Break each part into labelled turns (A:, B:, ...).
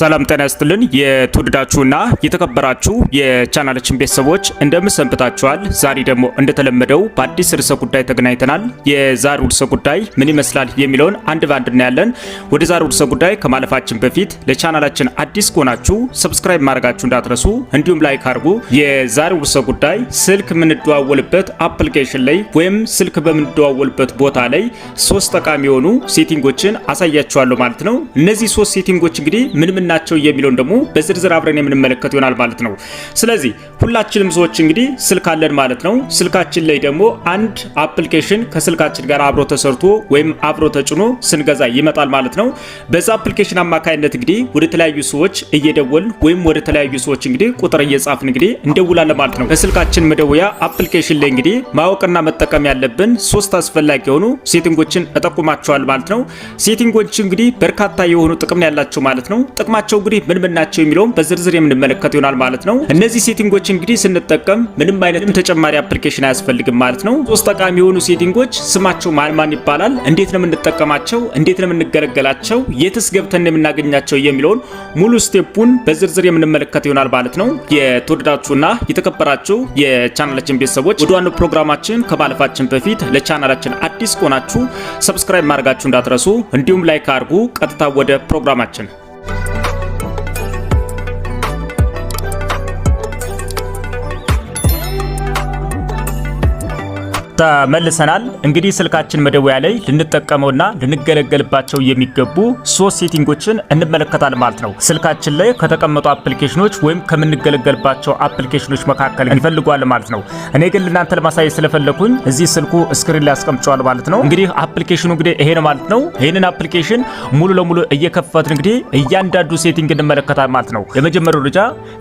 A: ሰላም ጤና ይስጥልን። የተወደዳችሁና የተከበራችሁ የቻናላችን ቤተሰቦች ሰንብታችኋል? ዛሬ ደግሞ እንደተለመደው በአዲስ ርዕሰ ጉዳይ ተገናኝተናል። የዛሬው ርዕሰ ጉዳይ ምን ይመስላል የሚለውን አንድ ባንድ እናያለን። ወደ ዛሬው ርዕሰ ጉዳይ ከማለፋችን በፊት ለቻናላችን አዲስ ከሆናችሁ ሰብስክራይብ ማድረጋችሁ እንዳትረሱ፣ እንዲሁም ላይክ አድርጉ። የዛሬው ርዕሰ ጉዳይ ስልክ የምንደዋወልበት አፕሊኬሽን ላይ ወይም ስልክ በምንደዋወልበት ቦታ ላይ ሶስት ጠቃሚ የሆኑ ሴቲንጎችን አሳያችኋለሁ ማለት ነው። እነዚህ ሶስት ሴቲንጎች እንግዲህ ምን ምን ናቸው የሚለውን ደግሞ በዝርዝር አብረን የምንመለከት ይሆናል ማለት ነው። ስለዚህ ሁላችንም ሰዎች እንግዲህ ስልክ አለን ማለት ነው። ስልካችን ላይ ደግሞ አንድ አፕሊኬሽን ከስልካችን ጋር አብሮ ተሰርቶ ወይም አብሮ ተጭኖ ስንገዛ ይመጣል ማለት ነው። በዛ አፕሊኬሽን አማካኝነት እንግዲህ ወደ ተለያዩ ሰዎች እየደወልን ወይም ወደ ተለያዩ ሰዎች እንግዲህ ቁጥር እየጻፍን እንግዲህ እንደውላለን ማለት ነው። በስልካችን መደወያ አፕሊኬሽን ላይ እንግዲህ ማወቅና መጠቀም ያለብን ሶስት አስፈላጊ የሆኑ ሴቲንጎችን እጠቁማቸዋል ማለት ነው። ሴቲንጎች እንግዲህ በርካታ የሆኑ ጥቅም ያላቸው ማለት ነው። ጥቅማቸው እንግዲህ ምን ምን ናቸው የሚለውም በዝርዝር የምንመለከት ይሆናል ማለት ነው። እነዚህ ሴቲንጎች ሴቲንጎች እንግዲህ ስንጠቀም ምንም አይነት ተጨማሪ አፕሊኬሽን አያስፈልግም ማለት ነው። ሶስት ጠቃሚ የሆኑ ሴቲንጎች ስማቸው ማን ማን ይባላል፣ እንዴት ነው የምንጠቀማቸው፣ እንዴት ነው የምንገለገላቸው፣ የትስ ገብተን የምናገኛቸው የሚለውን ሙሉ ስቴፑን በዝርዝር የምንመለከት ይሆናል ማለት ነው። የተወደዳችሁና የተከበራችሁ የቻናላችን ቤተሰቦች ወደ ዋናው ፕሮግራማችን ከማለፋችን በፊት ለቻናላችን አዲስ ከሆናችሁ ሰብስክራይብ ማድረጋችሁ እንዳትረሱ፣ እንዲሁም ላይክ አድርጉ። ቀጥታ ወደ ፕሮግራማችን ተመልሰናል። እንግዲህ ስልካችን መደወያ ላይ ልንጠቀመውና ልንገለገልባቸው የሚገቡ ሶስት ሴቲንጎችን እንመለከታለን ማለት ነው። ስልካችን ላይ ከተቀመጡ አፕሊኬሽኖች ወይም ከምንገለገልባቸው አፕሊኬሽኖች መካከል እንፈልገዋለን ማለት ነው። እኔ ግን ለእናንተ ለማሳየት ስለፈለኩኝ እዚህ ስልኩ ስክሪን ላይ አስቀምጨዋል ማለት ነው። እንግዲህ አፕሊኬሽኑ እንግዲህ ይሄ ነው ማለት ነው። ይህንን አፕሊኬሽን ሙሉ ለሙሉ እየከፈትን እንግዲህ እያንዳንዱ ሴቲንግ እንመለከታል ማለት ነው። የመጀመሪያው ደረጃ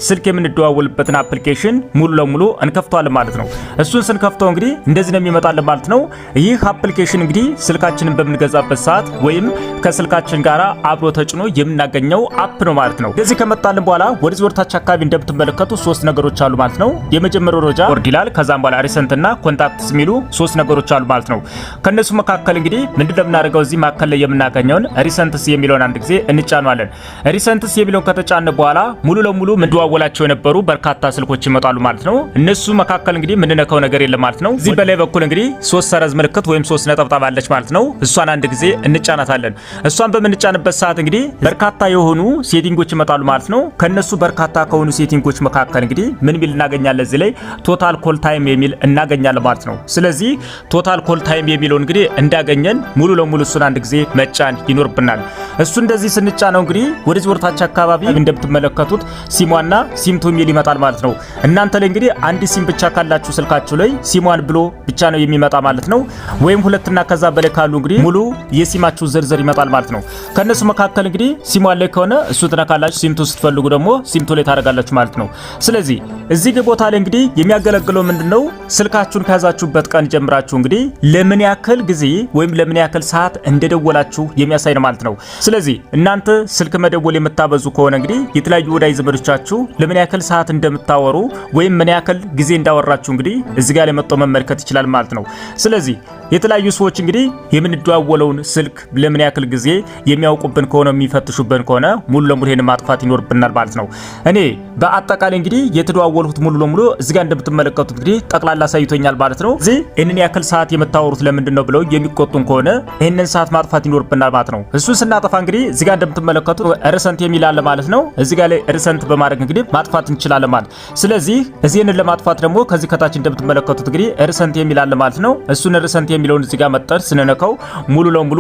A: ስልክ የምንደዋወልበትን አፕሊኬሽን ሙሉ ለሙሉ እንከፍተዋለን ማለት ነው። እሱን ስንከፍተው እንግዲህ እንደዚህ ነው ፕሮግራም ይመጣል ማለት ነው። ይህ አፕሊኬሽን እንግዲህ ስልካችንን በምንገዛበት ሰዓት ወይም ከስልካችን ጋራ አብሮ ተጭኖ የምናገኘው አፕ ነው ማለት ነው። እንደዚህ ከመጣልን በኋላ ወደ ዞርታች አካባቢ እንደምትመለከቱ ሶስት ነገሮች አሉ ማለት ነው። የመጀመሪያው ደረጃ ቦርድ ይላል። ከዛም በኋላ እና ኮንታክትስ የሚሉ ሶስት ነገሮች አሉ ማለት ነው። ከነሱ መካከል እንግዲህ ምንድን ነው እዚህ መካከል ላይ የምናገኘውን ሪሰንትስ የሚለውን አንድ ጊዜ እንጫኗለን። ሪሰንትስ የሚለውን ከተጫነ በኋላ ሙሉ ለሙሉ ምንደዋወላቸው የነበሩ በርካታ ስልኮች ይመጣሉ ማለት ነው። እነሱ መካከል እንግዲህ ምንነካው ነገር የለም ማለት ነው። እዚህ በላይ በኩል በኩል እንግዲህ ሶስት ሰረዝ ምልክት ወይም ሶስት ነጠብጣብ አለች ማለት ነው። እሷን አንድ ጊዜ እንጫናታለን። እሷን በምንጫንበት ሰዓት እንግዲህ በርካታ የሆኑ ሴቲንጎች ይመጣሉ ማለት ነው። ከነሱ በርካታ ከሆኑ ሴቲንጎች መካከል እንግዲህ ምን ሚል እናገኛለን? እዚህ ላይ ቶታል ኮል ታይም የሚል እናገኛለን ማለት ነው። ስለዚህ ቶታል ኮል ታይም የሚለው እንግዲህ እንዳገኘን ሙሉ ለሙሉ እሱን አንድ ጊዜ መጫን ይኖርብናል። እሱ እንደዚህ ስንጫነው እንግዲህ ወደዚህ ወርታች አካባቢ እንደምትመለከቱት ሲሟና ሲምቱ የሚል ይመጣል ማለት ነው። እናንተ ላይ እንግዲህ አንድ ሲም ብቻ ካላችሁ ስልካችሁ ላይ ሲሟን ብሎ ብቻ ነው የሚመጣ ማለት ነው። ወይም ሁለትና ከዛ በላይ ካሉ እንግዲህ ሙሉ የሲማችሁ ዝርዝር ይመጣል ማለት ነው። ከነሱ መካከል እንግዲህ ሲሙ አለ ከሆነ እሱ ትነካላችሁ። ሲምቱ ስትፈልጉ ደግሞ ሲምቱ ላይ ታደርጋላችሁ ማለት ነው። ስለዚህ እዚህ ቦታ ላይ እንግዲህ የሚያገለግለው ምንድነው? ስልካችሁን ከያዛችሁበት ቀን ጀምራችሁ እንግዲህ ለምን ያክል ጊዜ ወይም ለምን ያክል ሰዓት እንደደወላችሁ የሚያሳይ ነው ማለት ነው። ስለዚህ እናንተ ስልክ መደወል የምታበዙ ከሆነ እንግዲህ የተለያዩ ወዳጅ ዘመዶቻችሁ ለምን ያክል ሰዓት እንደምታወሩ ወይም ምን ያክል ጊዜ እንዳወራችሁ እንግዲህ እዚህ ጋር ላይ መጥቶ መመልከት ይችላል ማለት ነው። ስለዚህ የተለያዩ ሰዎች እንግዲህ የምንደዋወለውን ስልክ ለምን ያክል ጊዜ የሚያውቁብን ከሆነ የሚፈትሹብን ከሆነ ሙሉ ለሙሉ ይሄን ማጥፋት ይኖርብናል ማለት ነው። እኔ በአጠቃላይ እንግዲህ የተደዋወልሁት ሙሉ ለሙሉ እዚህ ጋር እንደምትመለከቱት እንግዲህ ጠቅላላ አሳይቶኛል ማለት ነው። እዚህ ይህንን ያክል ሰዓት የምታወሩት ለምንድን ነው ብለው የሚቆጡን ከሆነ ይህንን ሰዓት ማጥፋት ይኖርብናል ማለት ነው። እሱን ስናጠፋ እንግዲህ እዚህ ጋር እንደምትመለከቱት ርሰንት የሚል አለ ማለት ነው። እዚህ ጋር ላይ ርሰንት በማድረግ እንግዲህ ማጥፋት እንችላለን ማለት ስለዚህ እዚህን ለማጥፋት ደግሞ ከዚህ ከታች እንደምትመለከቱት እንግዲህ ርሰንት የሚል ይላል ማለት ነው። እሱን ርዕሰንት የሚለውን እዚህ ጋር መጠን ስንነካው ሙሉ ለሙሉ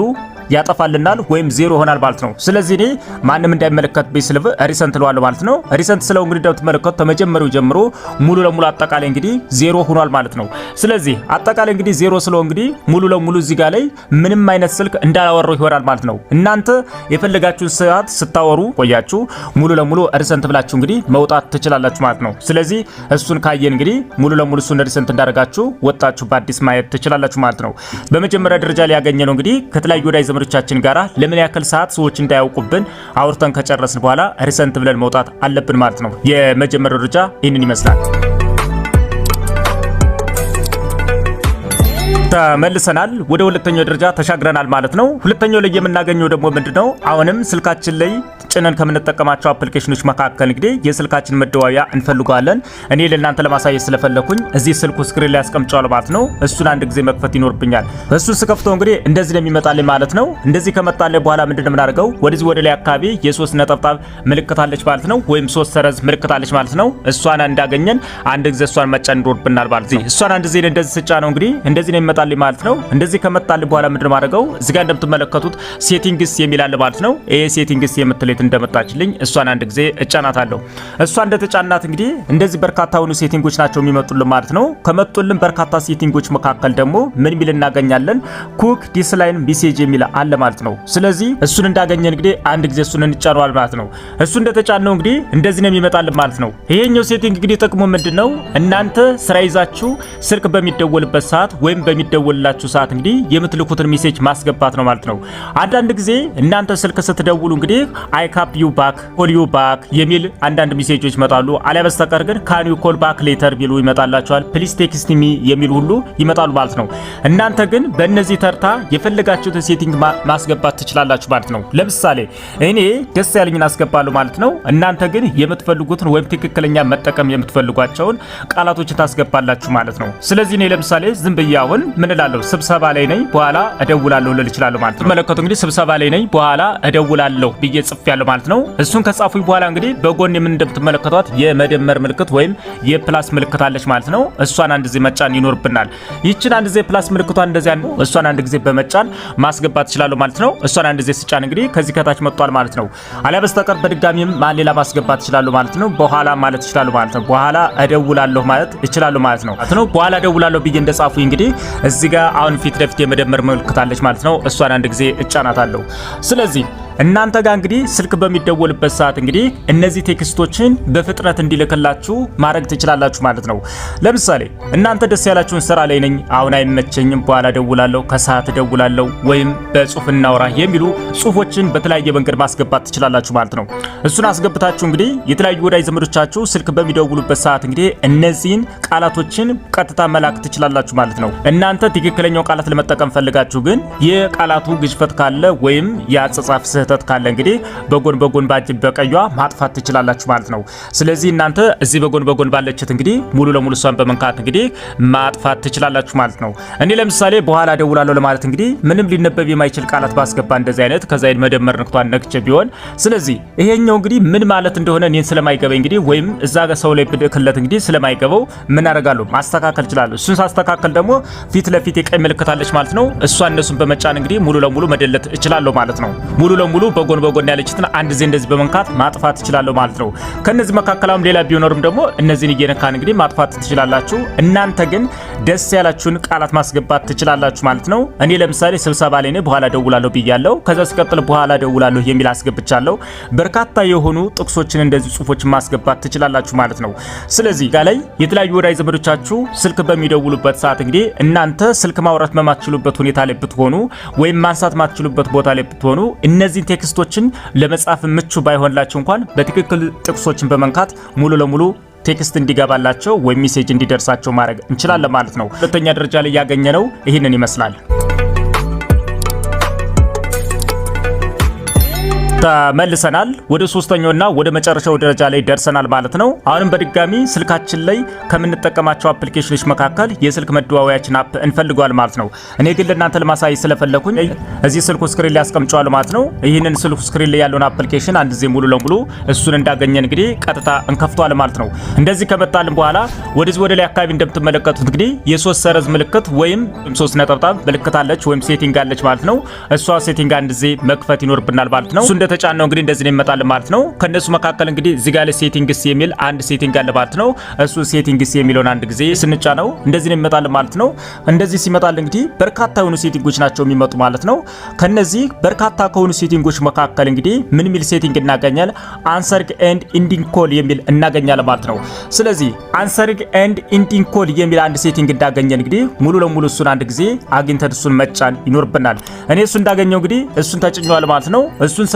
A: ያጠፋልናል ወይም ዜሮ ይሆናል ማለት ነው። ስለዚህ እኔ ማንም እንዳይመለከት ስል ሪሰንት እለዋለሁ ማለት ነው። ሪሰንት ስለው እንግዲህ እንደምትመለከቱት ከመጀመሪያው ጀምሮ ሙሉ ለሙሉ አጠቃላይ እንግዲህ ዜሮ ሆኗል ማለት ነው። ስለዚህ አጠቃላይ እንግዲህ ዜሮ ስለው እንግዲህ ሙሉ ለሙሉ እዚህ ጋር ላይ ምንም አይነት ስልክ እንዳላወራው ይሆናል ማለት ነው። እናንተ የፈለጋችሁን ሰዓት ስታወሩ ቆያችሁ ሙሉ ለሙሉ ሪሰንት ብላችሁ እንግዲህ መውጣት ትችላላችሁ ማለት ነው። ስለዚህ እሱን ካየን እንግዲህ ሙሉ ለሙሉ እሱን ሪሰንት እንዳደርጋችሁ ወጣችሁ ብላችሁ በአዲስ ማየት ትችላላችሁ ማለት ነው። በመጀመሪያ ደረጃ ላይ ያገኘነው እንግዲህ ከተለያዩ ወዳጅ ዘመዶቻችን ጋራ ለምን ያክል ሰዓት ሰዎች እንዳያውቁብን አውርተን ከጨረስን በኋላ ሪሰንት ብለን መውጣት አለብን ማለት ነው። የመጀመሪያው ደረጃ ይህንን ይመስላል። ተመልሰናል። ወደ ሁለተኛው ደረጃ ተሻግረናል ማለት ነው። ሁለተኛው ላይ የምናገኘው ደግሞ ምንድነው? አሁንም ስልካችን ላይ ጭነን ከምንጠቀማቸው አፕሊኬሽኖች መካከል እንግዲህ የስልካችን መደዋያ እንፈልገዋለን። እኔ ለእናንተ ለማሳየት ስለፈለኩኝ እዚህ ስልኩ ስክሪን ላይ ያስቀምጫዋል ማለት ነው። እሱን አንድ ጊዜ መክፈት ይኖርብኛል። እሱ ስከፍተው እንግዲህ እንደዚህ ነው የሚመጣልኝ ማለት ነው። እንደዚህ ከመጣልኝ በኋላ ምንድነው የምናደርገው? ወደዚህ ወደ ላይ አካባቢ የሶስት ነጠብጣብ ምልክት አለች ማለት ነው፣ ወይም ሶስት ሰረዝ ምልክት አለች ማለት ነው። እሷን እንዳገኘን አንድ ጊዜ እሷን መጫን ይኖርብናል ማለት ነው። እሷን አንድ ጊዜ እንደዚህ ስጫ ነው እንግዲህ እንደዚህ ነው የሚመጣ መጣልኝ ማለት ነው። እንደዚህ ከመጣልኝ በኋላ ምንድን ማድረገው እዚህ ጋር እንደምትመለከቱት ሴቲንግስ የሚላል ማለት ነው። ይሄ ሴቲንግስ የምትሌት እንደመጣችልኝ እሷን አንድ ጊዜ እጫናት አለው። እሷ እንደተጫናት እንግዲህ እንደዚህ በርካታ ሆኑ ሴቲንጎች ናቸው የሚመጡልን ማለት ነው። ከመጡልን በርካታ ሴቲንጎች መካከል ደግሞ ምን የሚል እናገኛለን? ኩክ ዲስላይን ሜሴጅ የሚል አለ ማለት ነው። ስለዚህ እሱን እንዳገኘን እንግዲህ አንድ ጊዜ እሱን እንጫነዋል ማለት ነው። እሱ እንደተጫነው እንግዲህ እንደዚህ ነው የሚመጣልን ማለት ነው። ይሄኛው ሴቲንግ እንግዲህ ጥቅሙ ምንድነው? እናንተ ስራ ይዛችሁ ስልክ በሚደወልበት ሰዓት ወይም በሚ በሚደወልላችሁ ሰዓት እንግዲህ የምትልኩትን ሜሴጅ ማስገባት ነው ማለት ነው። አንዳንድ ጊዜ እናንተ ስልክ ስትደውሉ እንግዲህ አይ ካፕ ዩ ባክ ኮል ዩ ባክ የሚል አንዳንድ ሜሴጆች ይመጣሉ። አሊያ በስተቀር ግን ካን ዩ ኮል ባክ ሌተር ቢሉ ይመጣላችኋል። ፕሊስ ቴክስት ሚ የሚሉ ሁሉ ይመጣሉ ማለት ነው። እናንተ ግን በእነዚህ ተርታ የፈለጋችሁትን ሴቲንግ ማስገባት ትችላላችሁ ማለት ነው። ለምሳሌ እኔ ደስ ያለኝን አስገባለሁ ማለት ነው። እናንተ ግን የምትፈልጉትን ወይም ትክክለኛ መጠቀም የምትፈልጓቸውን ቃላቶችን ታስገባላችሁ ማለት ነው። ስለዚህ እኔ ለምሳሌ ዝም ብዬ አሁን ምን እላለሁ? ስብሰባ ላይ ነኝ፣ በኋላ እደውላለሁ ልል እችላለሁ ማለት ነው። መለከቱ እንግዲህ ስብሰባ ላይ ነኝ፣ በኋላ እደውላለሁ ብዬ ጽፌያለሁ ማለት ነው። እሱን ከጻፉኝ በኋላ እንግዲህ በጎን የምን እንደምትመለከቷት የመደመር ምልክት ወይም የፕላስ ምልክት አለች ማለት ነው። እሷን አንድ ጊዜ መጫን ይኖርብናል። ይችን አንድ ጊዜ ፕላስ ምልክቷን እንደዚህ አንዱ እሷን አንድ ጊዜ በመጫን ማስገባት እችላለሁ ማለት ነው። እሷን አንድ ጊዜ ስጫን እንግዲህ ከዚህ ከታች መጥቷል ማለት ነው። አሊያ በስተቀር በድጋሚም ሌላ ማስገባት እችላለሁ ማለት ነው። በኋላ ማለት እችላለሁ ማለት ነው። በኋላ እደውላለሁ ማለት እችላለሁ ማለት ነው። በኋላ እደውላለሁ ብዬ እንደጻፉኝ እንግዲህ እዚህ ጋር አሁን ፊት ለፊት የመደመር ምልክት አለች ማለት ነው። እሷን አንድ ጊዜ እጫናታለሁ። ስለዚህ እናንተ ጋር እንግዲህ ስልክ በሚደወልበት ሰዓት እንግዲህ እነዚህ ቴክስቶችን በፍጥነት እንዲልክላችሁ ማድረግ ትችላላችሁ ማለት ነው። ለምሳሌ እናንተ ደስ ያላችሁን ስራ ላይ ነኝ፣ አሁን አይመቸኝም፣ በኋላ ደውላለሁ፣ ከሰዓት ደውላለሁ፣ ወይም በጽሁፍ እናውራ የሚሉ ጽሁፎችን በተለያየ መንገድ ማስገባት ትችላላችሁ ማለት ነው። እሱን አስገብታችሁ እንግዲህ የተለያዩ ወዳጅ ዘመዶቻችሁ ስልክ በሚደውሉበት ሰዓት እንግዲህ እነዚህን ቃላቶችን ቀጥታ መላክ ትችላላችሁ ማለት ነው። እናንተ ትክክለኛው ቃላት ለመጠቀም ፈልጋችሁ ግን የቃላቱ ግዝፈት ካለ ወይም የአጸጻፍ ስህተት ካለ እንግዲህ በጎን በጎን ባጅ በቀዩዋ ማጥፋት ትችላላችሁ ማለት ነው። ስለዚህ እናንተ እዚህ በጎን በጎን ባለችት እንግዲህ ሙሉ ለሙሉ እሷን በመንካት እንግዲህ ማጥፋት ትችላላችሁ ማለት ነው። እኔ ለምሳሌ በኋላ ደውላለሁ ለማለት እንግዲህ ምንም ሊነበብ የማይችል ቃላት ባስገባ እንደዚህ አይነት ከዛ መደመር ንክቷን ነክቼ ቢሆን ስለዚህ ይሄኛው እንግዲህ ምን ማለት እንደሆነ እኔን ስለማይገበኝ እንግዲህ ወይም እዛ ጋር ሰው ላይ ብልክለት እንግዲህ ስለማይገበው ምን አደርጋለሁ ማስተካከል እችላለሁ። እሱን ሳስተካከል ደግሞ ፊት ለፊት የቀይ ምልክታለች ማለት ነው። እሷ እነሱን በመጫን እንግዲህ ሙሉ ለሙሉ መደለት እችላለሁ ማለት ነው ሙሉ ለሙሉ በሙሉ በጎን በጎን ያለችትን አንድ ዜ እንደዚህ በመንካት ማጥፋት ትችላለሁ ማለት ነው። ከነዚህ መካከል አሁን ሌላ ቢኖርም ደግሞ እነዚህን እየነካን እንግዲህ ማጥፋት ትችላላችሁ። እናንተ ግን ደስ ያላችሁን ቃላት ማስገባት ትችላላችሁ ማለት ነው። እኔ ለምሳሌ ስብሰባ ላይ ነኝ በኋላ ደውላለሁ ብያለሁ። ከዛ ሲቀጥል በኋላ ደውላለሁ የሚል አስገብቻለሁ። በርካታ የሆኑ ጥቅሶችን እንደዚህ ጽሁፎችን ማስገባት ትችላላችሁ ማለት ነው። ስለዚህ ጋ ላይ የተለያዩ ወዳጅ ዘመዶቻችሁ ስልክ በሚደውሉበት ሰዓት እንግዲህ እናንተ ስልክ ማውራት በማትችሉበት ሁኔታ ላይ ብትሆኑ ወይም ማንሳት ማትችሉበት ቦታ ላይ ብትሆኑ እነዚህ ቴክስቶችን ለመጻፍ ምቹ ባይሆንላቸው እንኳን በትክክል ጥቅሶችን በመንካት ሙሉ ለሙሉ ቴክስት እንዲገባላቸው ወይም ሜሴጅ እንዲደርሳቸው ማድረግ እንችላለን ማለት ነው። ሁለተኛ ደረጃ ላይ ያገኘ ነው ይህንን ይመስላል። ተመልሰናል። ወደ ሶስተኛውና ወደ መጨረሻው ደረጃ ላይ ደርሰናል ማለት ነው። አሁንም በድጋሚ ስልካችን ላይ ከምንጠቀማቸው አፕሊኬሽኖች መካከል የስልክ መደዋወያችን አፕ እንፈልገዋል ማለት ነው። እኔ ግን ለእናንተ ለማሳየት ስለፈለኩኝ እዚህ ስልኩ ስክሪን ላይ አስቀምጨዋለሁ ማለት ነው። ይህንን ስልኩ ስክሪን ላይ ያለውን አፕሊኬሽን አንድ ጊዜ ሙሉ ለሙሉ እሱን እንዳገኘ እንግዲህ ቀጥታ እንከፍተዋል ማለት ነው። እንደዚህ ከመጣልን በኋላ ወደዚህ ወደ ላይ አካባቢ እንደምትመለከቱት እንግዲህ የሶስት ሰረዝ ምልክት ወይም ሶስት ነጠብጣብ ምልክት አለች ወይም ሴቲንግ አለች ማለት ነው። እሷ ሴቲንግ አንድ ጊዜ መክፈት ይኖርብናል ማለት ነው። ከተጫን ነው እንግዲህ እንደዚህ ነው ይመጣል ማለት ነው። ከነሱ መካከል እንግዲህ እዚህ ጋር ሴቲንግስ የሚል አንድ ሴቲንግ አለ ማለት ነው። እሱ ሴቲንግስ የሚለውን አንድ ጊዜ ስንጫ ነው እንደዚህ ነው ይመጣል ማለት ነው። እንደዚህ ሲመጣል እንግዲህ በርካታ የሆኑ ሴቲንጎች ናቸው የሚመጡ ማለት ነው። ከነዚህ በርካታ ከሆኑ ሴቲንጎች መካከል እንግዲህ ምን ሚል ሴቲንግ እናገኛል? አንሰርግ ኤንድ ኢንዲንግ ኮል የሚል እናገኛለን ማለት ነው። ስለዚህ አንሰርግ ኤንድ ኢንዲንግ ኮል የሚል አንድ ሴቲንግ እንዳገኘን እንግዲህ ሙሉ ለሙሉ እሱን አንድ ጊዜ አግኝተን እሱን መጫን ይኖርብናል። እኔ እሱ እንዳገኘው እንግዲህ እሱን ተጭኘዋል ማለት ነው። እሱን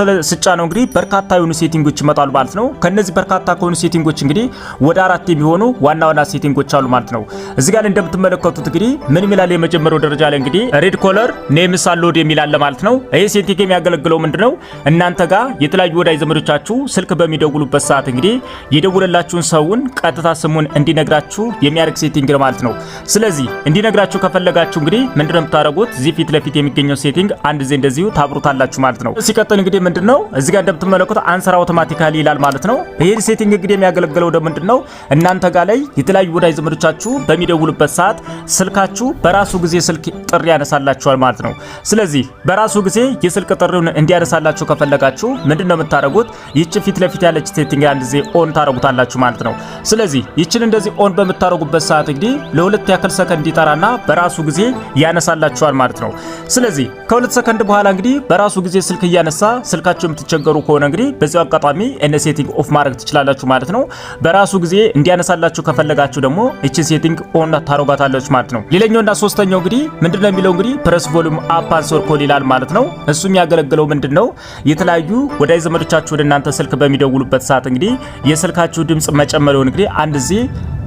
A: ነው እንግዲህ በርካታ የሆኑ ሴቲንጎች ይመጣሉ ማለት ነው። ከነዚህ በርካታ ከሆኑ ሴቲንጎች እንግዲህ ወደ አራት የሚሆኑ ዋና ዋና ሴቲንጎች አሉ ማለት ነው። እዚህ ጋር እንደምትመለከቱት እንግዲህ ምን ይላል የመጀመሪያው ደረጃ ላይ እንግዲህ ሬድ ኮለር ኔምስ አሎድ የሚል አለ ማለት ነው። ይሄ ሴቲንግ የሚያገለግለው ምንድነው እናንተ ጋር የተለያዩ ወዳጅ ዘመዶቻችሁ ስልክ በሚደውሉበት ሰዓት እንግዲህ የደውለላችሁን ሰውን ቀጥታ ስሙን እንዲነግራችሁ የሚያደርግ ሴቲንግ ነው ማለት ነው። ስለዚህ እንዲነግራችሁ ከፈለጋችሁ እንግዲህ ምንድነው የምታደርጉት እዚህ ፊት ለፊት የሚገኘው ሴቲንግ አንድ ዜ እንደዚሁ ታብሩታላችሁ ማለት ነው። ሲቀጥል እንግዲህ ምንድነው ነው እዚህ ጋር እንደምትመለከቱ አንሰር አውቶማቲካሊ ይላል ማለት ነው። ይሄን ሴቲንግ እንግዲህ የሚያገለግለው ደግሞ ምንድን ነው እናንተ ጋር ላይ የተለያዩ ወዳጅ ዘመዶቻችሁ በሚደውሉበት ሰዓት ስልካችሁ በራሱ ጊዜ ስልክ ጥሪ ያነሳላችኋል ማለት ነው። ስለዚህ በራሱ ጊዜ የስልክ ጥሪውን እንዲያነሳላችሁ ከፈለጋችሁ ምንድነው የምታደርጉት? ይቺ ፊት ለፊት ያለች ሴቲንግ አንድ ጊዜ ኦን ታደርጉታላችሁ ማለት ነው። ስለዚህ ይችን እንደዚህ ኦን በምታደርጉበት ሰዓት እንግዲህ ለሁለት ያክል ሰከንድ ይጠራና በራሱ ጊዜ ያነሳላችኋል ማለት ነው። ስለዚህ ከሁለት ሰከንድ በኋላ እንግዲህ በራሱ ጊዜ ስልክ እያነሳ ስልካችሁ በብራችሁ የምትቸገሩ ከሆነ እንግዲህ በዚያው አጋጣሚ እነ ሴቲንግ ኦፍ ማድረግ ትችላላችሁ ማለት ነው። በራሱ ጊዜ እንዲያነሳላችሁ ከፈለጋችሁ ደግሞ እቺ ሴቲንግ ኦን ታረጓታለች ማለት ነው። ሌላኛውና ሶስተኛው እንግዲህ ምንድነው የሚለው እንግዲህ ፕረስ ቮሉም አፕ አንድ ኮል ይላል ማለት ነው። እሱ የሚያገለግለው ምንድነው የተለያዩ ወዳጅ ዘመዶቻችሁ ወደ እናንተ ስልክ በሚደውሉበት ሰዓት እንግዲህ የስልካችሁ ድምጽ መጨመሪያውን እንግዲህ አንድ ጊዜ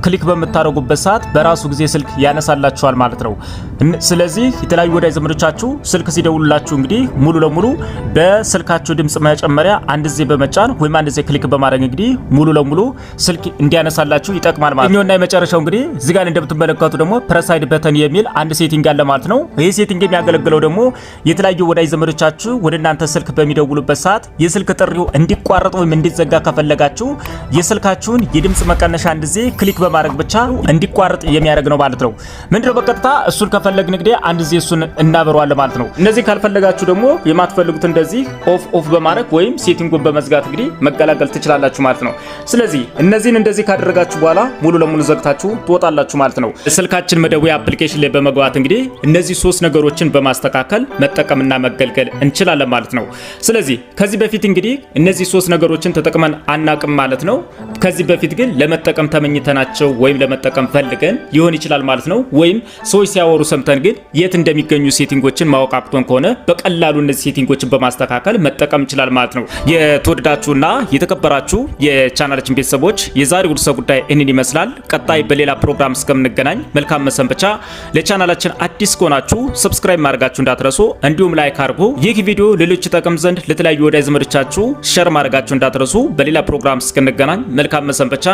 A: ክሊክ በምታደርጉበት ሰዓት በራሱ ጊዜ ስልክ ያነሳላችኋል ማለት ነው። ስለዚህ የተለያዩ ወዳጅ ዘመዶቻችሁ ስልክ ሲደውሉላችሁ እንግዲህ ሙሉ ለሙሉ በስልካችሁ ድምጽ መጨመሪያ አንድ ዜ በመጫን ወይም አንድ ዜ ክሊክ በማድረግ እንግዲህ ሙሉ ለሙሉ ስልክ እንዲያነሳላችሁ ይጠቅማል ማለት ነው። እና የመጨረሻው እንግዲህ እዚህ ጋር እንደምትመለከቱ ደግሞ ፕረሳይድ በተን የሚል አንድ ሴቲንግ ያለ ማለት ነው። ይህ ሴቲንግ የሚያገለግለው ደግሞ የተለያዩ ወዳጅ ዘመዶቻችሁ ወደ እናንተ ስልክ በሚደውሉበት ሰዓት የስልክ ጥሪው እንዲቋረጥ ወይም እንዲዘጋ ከፈለጋችሁ የስልካችሁን የድምጽ መቀነሻ አንድ ዜ ክሊክ በማድረግ ብቻ እንዲቋረጥ የሚያደርግ ነው ማለት ነው። ምንድነው በቀጥታ እሱን ከፈለግን እንግዲህ አንድ ዜ እሱን እናበረዋለን ማለት ነው። እነዚህ ካልፈለጋችሁ ደግሞ የማትፈልጉት እንደዚህ ኦፍ ኦፍ በማድረግ ወይም ሴቲንጉን በመዝጋት እንግዲህ መቀላቀል ትችላላችሁ ማለት ነው። ስለዚህ እነዚህን እንደዚህ ካደረጋችሁ በኋላ ሙሉ ለሙሉ ዘግታችሁ ትወጣላችሁ ማለት ነው። ስልካችን መደወያ አፕሊኬሽን ላይ በመግባት እንግዲህ እነዚህ ሶስት ነገሮችን በማስተካከል መጠቀምና መገልገል እንችላለን ማለት ነው። ስለዚህ ከዚህ በፊት እንግዲህ እነዚህ ሶስት ነገሮችን ተጠቅመን አናቅም ማለት ነው። ከዚህ በፊት ግን ለመጠቀም ተመኝተናቸው ወይም ለመጠቀም ፈልገን ሊሆን ይችላል ማለት ነው። ወይም ሰዎች ሲያወሩ ሰምተን ግን የት እንደሚገኙ ሴቲንጎችን ማወቅ አቅቶን ከሆነ በቀላሉ እነዚህ ሴቲንጎችን በማስተካከል መጠቀም ሊጠቀም ይችላል ማለት ነው። የተወደዳችሁና የተከበራችሁ የቻናላችን ቤተሰቦች የዛሬው ርዕሰ ጉዳይ ይህንን ይመስላል። ቀጣይ በሌላ ፕሮግራም እስከምንገናኝ መልካም መሰንበቻ። ለቻናላችን አዲስ ከሆናችሁ ሰብስክራይብ ማድረጋችሁ እንዳትረሱ፣ እንዲሁም ላይክ አድርጉ። ይህ ቪዲዮ ሌሎች ይጠቅም ዘንድ ለተለያዩ ወዳጅ ዘመዶቻችሁ ሸር ማድረጋችሁ እንዳትረሱ። በሌላ ፕሮግራም እስክንገናኝ መልካም መሰንበቻ።